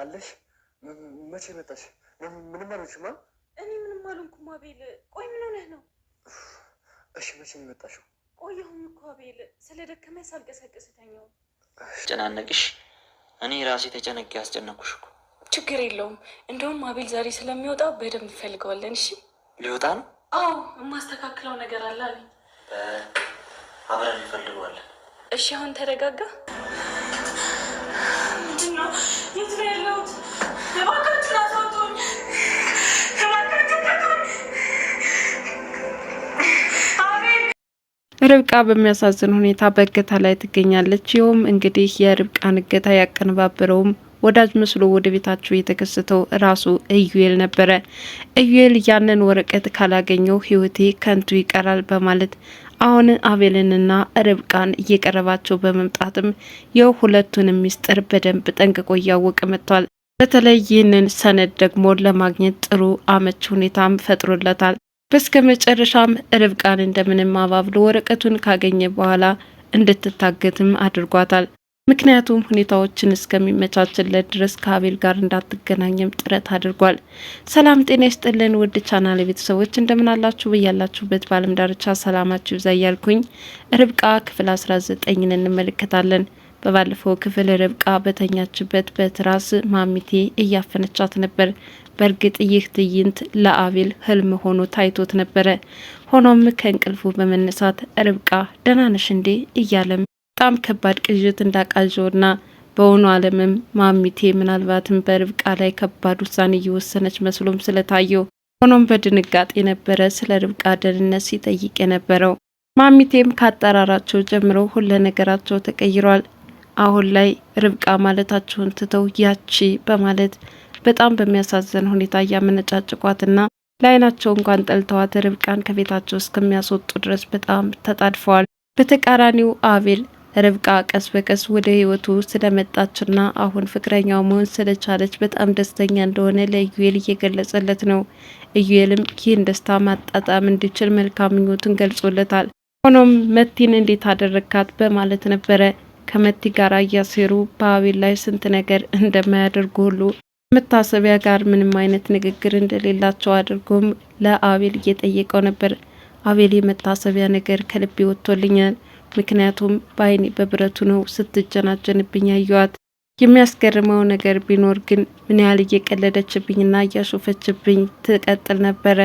አለሽ? መቼ መጣሽ? ምንም አልሆንሽማ። እኔ ምንም አልሆንኩም አቤል። ቆይ ምን ሆነህ ነው? እሺ መቼ ነው የመጣሽው? ቆየሁም እኮ አቤል፣ ስለደከመኝ ሳልቀሰቅስ ተኛው። ጨናነቅሽ? እኔ ራሴ ተጨነቄ ያስጨነኩሽ እኮ። ችግር የለውም እንደውም አቤል ዛሬ ስለሚወጣ በደንብ እንፈልገዋለን። እሺ ሊወጣ ነው? አዎ የማስተካክለው ነገር አለ አለኝ። አብረን እንፈልገዋለን። እሺ አሁን ተረጋጋ። ርብቃ በሚያሳዝን ሁኔታ በእገታ ላይ ትገኛለች። ይኸውም እንግዲህ የርብቃን እገታ ያቀነባበረውም ወዳጅ መስሎ ወደ ቤታቸው የተከሰተው ራሱ እዩኤል ነበረ። እዩኤል ያንን ወረቀት ካላገኘው ህይወቴ ከንቱ ይቀራል በማለት አሁን አቤልንና ርብቃን እየቀረባቸው በመምጣትም የሁለቱን ሚስጥር በደንብ ጠንቅቆ እያወቀ መጥቷል። በተለይ ይህንን ሰነድ ደግሞ ለማግኘት ጥሩ አመች ሁኔታም ፈጥሮለታል። በስከ መጨረሻም ርብቃን እንደምንም አባብሎ ወረቀቱን ካገኘ በኋላ እንድትታገትም አድርጓታል። ምክንያቱም ሁኔታዎችን እስከሚመቻችለት ድረስ ከአቤል ጋር እንዳትገናኝም ጥረት አድርጓል። ሰላም ጤና ይስጥልን ውድ ቻናል ቤተሰቦች እንደምናላችሁ አላችሁ? በያላችሁበት በዓለም ዳርቻ ሰላማችሁ ይብዛ እያልኩኝ ርብቃ ክፍል 19 ዘጠኝን እንመለከታለን። በባለፈው ክፍል ርብቃ በተኛችበት በትራስ ማሚቴ እያፈነቻት ነበር። በእርግጥ ይህ ትዕይንት ለአቤል ህልም ሆኖ ታይቶት ነበረ። ሆኖም ከእንቅልፉ በመነሳት ርብቃ ደህና ነሽ እንዴ እያለም በጣም ከባድ ቅዥት እንዳቃዠውና በውኑ ዓለምም ማሚቴ ምናልባትም በርብቃ ላይ ከባድ ውሳኔ እየወሰነች መስሎም ስለታየው ሆኖም በድንጋጤ ነበረ ስለ ርብቃ ደህንነት ሲጠይቅ የነበረው። ማሚቴም ካጠራራቸው ጀምሮ ሁለ ነገራቸው ተቀይሯል። አሁን ላይ ርብቃ ማለታቸውን ትተው ያቺ በማለት በጣም በሚያሳዝን ሁኔታ እያመነጫጭቋትና ለአይናቸው እንኳን ጠልተዋት ርብቃን ከቤታቸው እስከሚያስወጡ ድረስ በጣም ተጣድፈዋል። በተቃራኒው አቤል ርብቃ ቀስ በቀስ ወደ ህይወቱ ስለመጣችና አሁን ፍቅረኛው መሆን ስለቻለች በጣም ደስተኛ እንደሆነ ለኢዩኤል እየገለጸለት ነው። እዩኤልም ይህን ደስታ ማጣጣም እንዲችል መልካም ምኞቱን ገልጾለታል። ሆኖም መቲን እንዴት አደረካት በማለት ነበረ ከመቲ ጋር እያሴሩ በአቤል ላይ ስንት ነገር እንደማያደርጉ ሁሉ ከመታሰቢያ ጋር ምንም አይነት ንግግር እንደሌላቸው አድርጎም ለአቤል እየጠየቀው ነበር። አቤል የመታሰቢያ ነገር ከልቤ ወጥቶልኛል ምክንያቱም በአይኔ በብረቱ ነው ስትጀናጀንብኝ ያየዋት። የሚያስገርመው ነገር ቢኖር ግን ምን ያህል እየቀለደችብኝና እያሾፈችብኝ ትቀጥል ነበረ።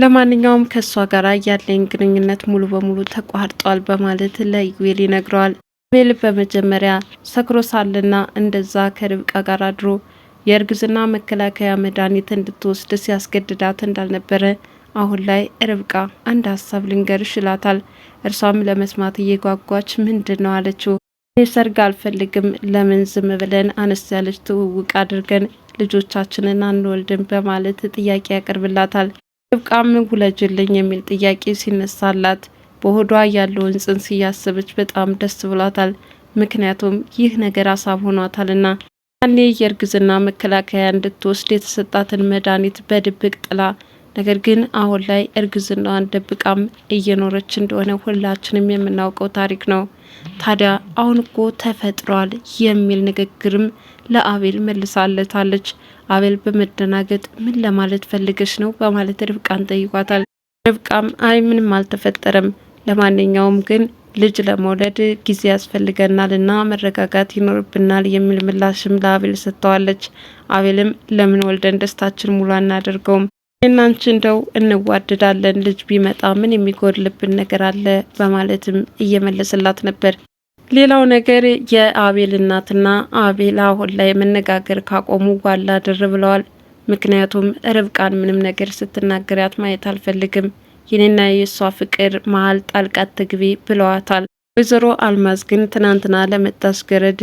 ለማንኛውም ከእሷ ጋር ያለኝ ግንኙነት ሙሉ በሙሉ ተቋርጧል በማለት ለኢዩኤል ይነግረዋል። ሜል በመጀመሪያ ሰክሮ ሳለና እንደዛ ከርብቃ ጋር አድሮ የእርግዝና መከላከያ መድኃኒት እንድትወስድ ሲያስገድዳት እንዳልነበረ አሁን ላይ ርብቃ አንድ ሀሳብ ልንገርሽ ይላታል። እርሷም ለመስማት እየጓጓች ምንድን ነው አለችው። እኔ ሰርግ አልፈልግም። ለምን ዝም ብለን አነስ ያለች ትውውቅ አድርገን ልጆቻችንን አንወልድም በማለት ጥያቄ ያቀርብላታል። ርብቃም ውለጅልኝ የሚል ጥያቄ ሲነሳላት በሆዷ ያለውን ጽንስ እያሰበች በጣም ደስ ብሏታል። ምክንያቱም ይህ ነገር አሳብ ሆኗታልና ያኔ የእርግዝና መከላከያ እንድትወስድ የተሰጣትን መድኃኒት በድብቅ ጥላ ነገር ግን አሁን ላይ እርግዝናዋን ደብቃም እየኖረች እንደሆነ ሁላችንም የምናውቀው ታሪክ ነው። ታዲያ አሁን እኮ ተፈጥሯል የሚል ንግግርም ለአቤል መልሳለታለች። አቤል በመደናገጥ ምን ለማለት ፈልገች ነው በማለት ርብቃን ጠይቋታል። ርብቃም አይ ምንም አልተፈጠረም፣ ለማንኛውም ግን ልጅ ለመውለድ ጊዜ ያስፈልገናል እና መረጋጋት ይኖርብናል የሚል ምላሽም ለአቤል ሰጥተዋለች። አቤልም ለምን ወልደን ደስታችን ሙሉ አናደርገውም እናንቺ እንደው እንዋደዳለን ልጅ ቢመጣ ምን የሚጎድልብን ነገር አለ በማለትም እየመለስላት ነበር። ሌላው ነገር የአቤል እናትና አቤል አሁን ላይ መነጋገር ካቆሙ ዋላ ድር ብለዋል። ምክንያቱም ርብቃን ምንም ነገር ስትናገሪያት ማየት አልፈልግም፣ የኔና የእሷ ፍቅር መሀል ጣልቃት ትግቢ ብለዋታል። ወይዘሮ አልማዝ ግን ትናንትና ለመጣሽ ገረድ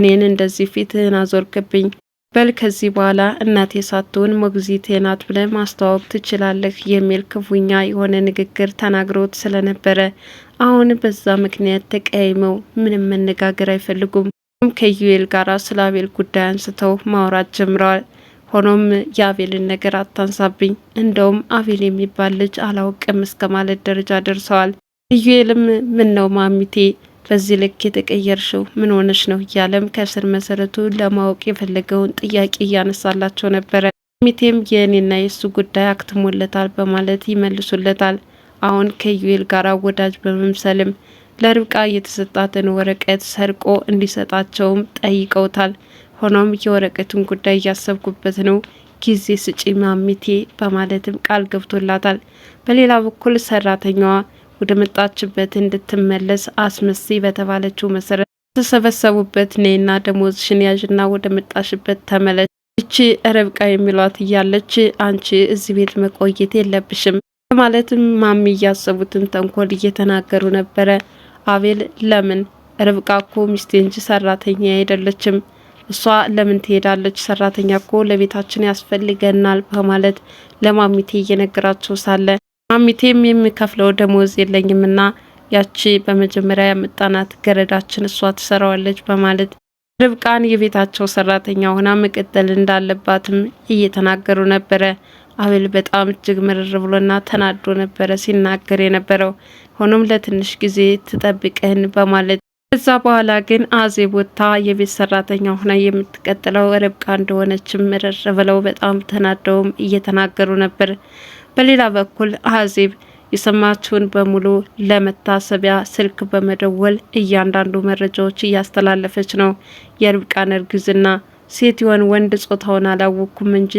እኔን እንደዚህ ፊትህን አዞርክብኝ በል ከዚህ በኋላ እናቴ ሳትሆን ሞግዚቴ ናት ብለህ ማስተዋወቅ ትችላለህ የሚል ክፉኛ የሆነ ንግግር ተናግሮት ስለነበረ አሁን በዛ ምክንያት ተቀያይመው ምንም መነጋገር አይፈልጉም። ከዩኤል ጋር ስለ አቤል ጉዳይ አንስተው ማውራት ጀምረዋል። ሆኖም የአቤልን ነገር አታንሳብኝ፣ እንደውም አቤል የሚባል ልጅ አላውቅም እስከ ማለት ደረጃ ደርሰዋል። ዩኤልም ምን ነው ማሚቴ በዚህ ልክ የተቀየርሽው ምን ሆነሽ ነው እያለም ከስር መሰረቱ ለማወቅ የፈለገውን ጥያቄ እያነሳላቸው ነበረ። ሚቴም የእኔና የእሱ ጉዳይ አክትሞለታል በማለት ይመልሱለታል። አሁን ከዩኤል ጋር ወዳጅ በመምሰልም ለርብቃ የተሰጣትን ወረቀት ሰርቆ እንዲሰጣቸውም ጠይቀውታል። ሆኖም የወረቀቱን ጉዳይ እያሰብኩበት ነው ጊዜ ስጪ ማሚቴ በማለትም ቃል ገብቶላታል። በሌላ በኩል ሰራተኛዋ ወደ መጣችበት እንድትመለስ አስመሴ በተባለችው መሰረት ተሰበሰቡበት። ኔና ደሞዝ ያዥና ወደ መጣሽበት ተመለሽ። እቺ ርብቃ የሚሏት እያለች አንቺ እዚህ ቤት መቆየት የለብሽም በማለትም ማሚ እያሰቡትን ተንኮል እየተናገሩ ነበረ። አቤል ለምን ረብቃ እኮ ሚስቴ እንጂ ሰራተኛ አይደለችም። እሷ ለምን ትሄዳለች? ሰራተኛ እኮ ለቤታችን ያስፈልገናል በማለት ለማሚቴ እየነገራቸው ሳለ ማሚቴም የሚከፍለው ደሞዝ የለኝምና ያቺ በመጀመሪያ የምጣናት ገረዳችን እሷ ትሰራዋለች በማለት ርብቃን የቤታቸው ሰራተኛ ሆና መቀጠል እንዳለባትም እየተናገሩ ነበረ። አቤል በጣም እጅግ ምርር ብሎና ተናዶ ነበረ ሲናገር የነበረው። ሆኖም ለትንሽ ጊዜ ትጠብቅህን በማለት ከዛ በኋላ ግን አዜ ቦታ የቤት ሰራተኛ ሆና የምትቀጥለው ርብቃ እንደሆነችም ምርር ብለው በጣም ተናደውም እየተናገሩ ነበር። በሌላ በኩል አዜብ የሰማችውን በሙሉ ለመታሰቢያ ስልክ በመደወል እያንዳንዱ መረጃዎች እያስተላለፈች ነው። የርብቃን እርግዝና ሴት ይሆን ወንድ ጾታውን አላወቅኩም እንጂ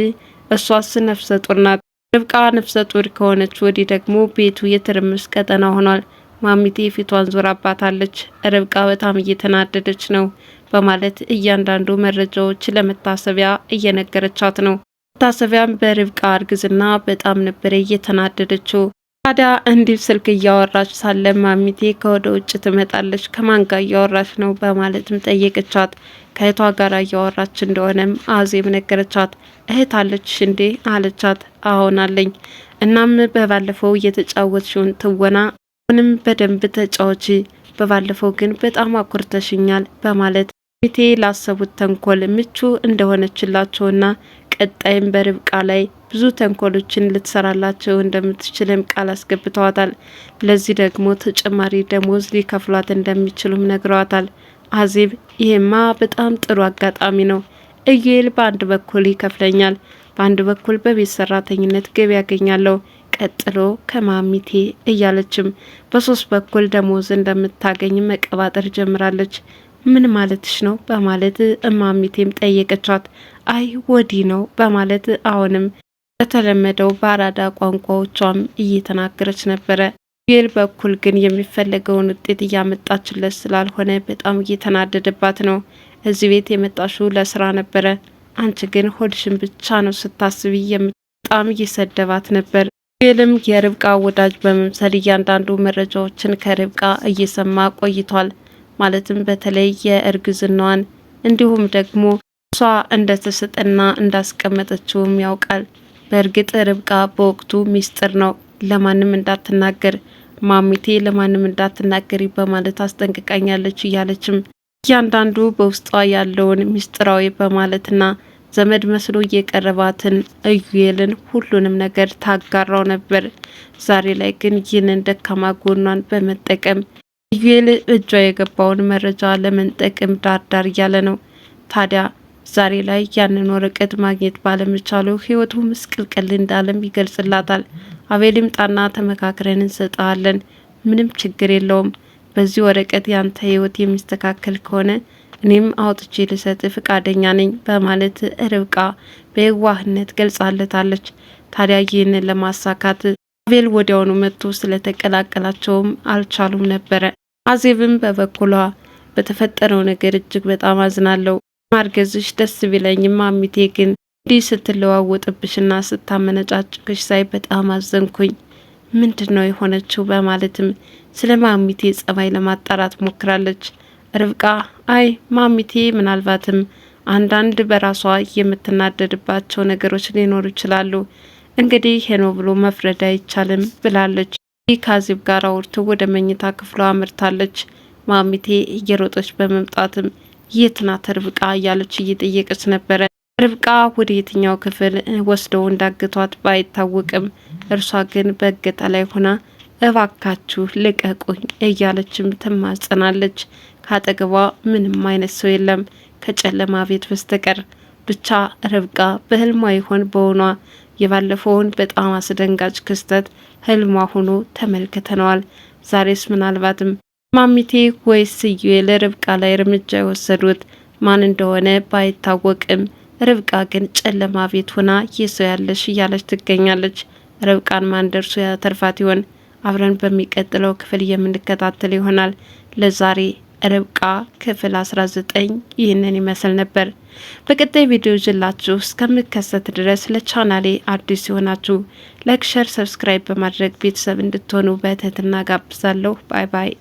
እሷስ ነፍሰ ጡር ናት። ርብቃ ነፍሰ ጡር ከሆነች ወዲህ ደግሞ ቤቱ የትርምስ ቀጠና ሆኗል። ማሚቴ ፊቷን አባታለች። ርብቃ በጣም እየተናደደች ነው በማለት እያንዳንዱ መረጃዎች ለመታሰቢያ እየነገረቻት ነው። መታሰቢያም በርብቃ እርግዝና በጣም ነበረ እየተናደደችው። ታዲያ እንዲህ ስልክ እያወራች ሳለ ማሚቴ ከወደ ውጭ ትመጣለች። ከማን ጋር እያወራች ነው በማለትም ጠየቀቻት። ከእህቷ ጋር እያወራች እንደሆነም አዜብ ነገረቻት። እህት አለችሽ እንዴ አለቻት። አሁን አለኝ። እናም በባለፈው እየተጫወትሽውን ትወና አሁንም በደንብ ተጫወች በባለፈው ግን በጣም አኩርተሽኛል በማለት ሚቴ ላሰቡት ተንኮል ምቹ እንደሆነችላቸውና ቀጣይም በርብቃ ላይ ብዙ ተንኮሎችን ልትሰራላቸው እንደምትችልም ቃል አስገብተዋታል። ለዚህ ደግሞ ተጨማሪ ደሞዝ ሊከፍሏት እንደሚችሉም ነግረዋታል። አዜብ ይሄማ በጣም ጥሩ አጋጣሚ ነው። እዩኤል በአንድ በኩል ይከፍለኛል፣ በአንድ በኩል በቤት ሰራተኝነት ገቢ ያገኛለሁ፣ ቀጥሎ ከማሚቴ እያለችም በሶስት በኩል ደሞዝ እንደምታገኝ መቀባጠር ጀምራለች። ምን ማለትሽ ነው በማለት እማሚቴም ጠየቀቻት። አይ ወዲ ነው በማለት አሁንም በተለመደው በአራዳ ቋንቋዎቿም እየተናገረች ነበረ። ቤል በኩል ግን የሚፈለገውን ውጤት እያመጣችለት ስላልሆነ በጣም እየተናደደባት ነው። እዚህ ቤት የመጣሽው ለስራ ነበረ፣ አንቺ ግን ሆድሽን ብቻ ነው ስታስቢ በጣም እየሰደባት ነበር። ቤልም የርብቃ ወዳጅ በመምሰል እያንዳንዱ መረጃዎችን ከርብቃ እየሰማ ቆይቷል። ማለትም በተለይ የእርግዝናዋን እንዲሁም ደግሞ እሷ እንደተሰጠና እንዳስቀመጠችውም ያውቃል። በእርግጥ ርብቃ በወቅቱ ሚስጥር ነው ለማንም እንዳትናገር ማሚቴ ለማንም እንዳትናገሪ በማለት አስጠንቅቃኛለች እያለችም እያንዳንዱ በውስጧ ያለውን ሚስጥራዊ በማለትና ዘመድ መስሎ የቀረባትን እዩኤልን ሁሉንም ነገር ታጋራው ነበር። ዛሬ ላይ ግን ይህንን ደካማ ጎኗን በመጠቀም ኢዩኤል እጇ የገባውን መረጃ ለመንጠቅም ዳርዳር እያለ ነው። ታዲያ ዛሬ ላይ ያንን ወረቀት ማግኘት ባለመቻሉ ህይወቱ ምስቅልቅል እንዳለም ይገልጽላታል። አቤል ይምጣና ተመካክረን እንሰጠዋለን። ምንም ችግር የለውም። በዚህ ወረቀት ያንተ ህይወት የሚስተካከል ከሆነ እኔም አውጥቼ ልሰጥ ፍቃደኛ ነኝ በማለት ርብቃ በየዋህነት ገልጻለታለች። ታዲያ ይህንን ለማሳካት አቤል ወዲያውኑ መጥቶ ስለተቀላቀላቸውም አልቻሉም ነበረ። አዜብም በበኩሏ በተፈጠረው ነገር እጅግ በጣም አዝናለሁ፣ ማርገዝሽ ደስ ቢለኝም ማሚቴ ግን እንዲህ ስትለዋወጥብሽና ስታመነጫጭቅሽ ሳይ በጣም አዘንኩኝ። ምንድን ነው የሆነችው? በማለትም ስለ ማሚቴ ጸባይ ለማጣራት ሞክራለች። ርብቃ አይ ማሚቴ ምናልባትም አንዳንድ በራሷ የምትናደድባቸው ነገሮች ሊኖሩ ይችላሉ እንግዲህ ይሄ ነው ብሎ መፍረድ አይቻልም ብላለች። ይህ ካዚብ ጋር አውርቶ ወደ መኝታ ክፍሏ አምርታለች። ማሚቴ እየሮጠች በመምጣትም የት ናት ርብቃ እያለች እየጠየቀች ነበረ። ርብቃ ወደ የትኛው ክፍል ወስደው እንዳግቷት ባይታወቅም እርሷ ግን በእገታ ላይ ሆና እባካችሁ ልቀቁኝ እያለችም ትማጸናለች። ካጠገቧ ምንም አይነት ሰው የለም ከጨለማ ቤት በስተቀር። ብቻ ርብቃ በህልሟ ይሆን በሆኗ የባለፈውን በጣም አስደንጋጭ ክስተት ህልሟ ሆኖ ተመልክተነዋል። ዛሬስ ምናልባትም ማሚቴ ወይስ ስዩኤል ርብቃ ላይ እርምጃ የወሰዱት ማን እንደሆነ ባይታወቅም ርብቃ ግን ጨለማ ቤት ሆና የሰው ያለሽ እያለች ትገኛለች። ርብቃን ማን ደርሶ ያተርፋት ይሆን? አብረን በሚቀጥለው ክፍል የምንከታተል ይሆናል። ለዛሬ ርብቃ ክፍል 19 ይህንን ይመስል ነበር። በቀጣይ ቪዲዮ ጅላችሁ እስከምከሰት ድረስ ለቻናሌ አዲስ የሆናችሁ ላይክ፣ ሸር፣ ሰብስክራይብ በማድረግ ቤተሰብ እንድትሆኑ በትህትና ጋብዛለሁ። ባይ ባይ።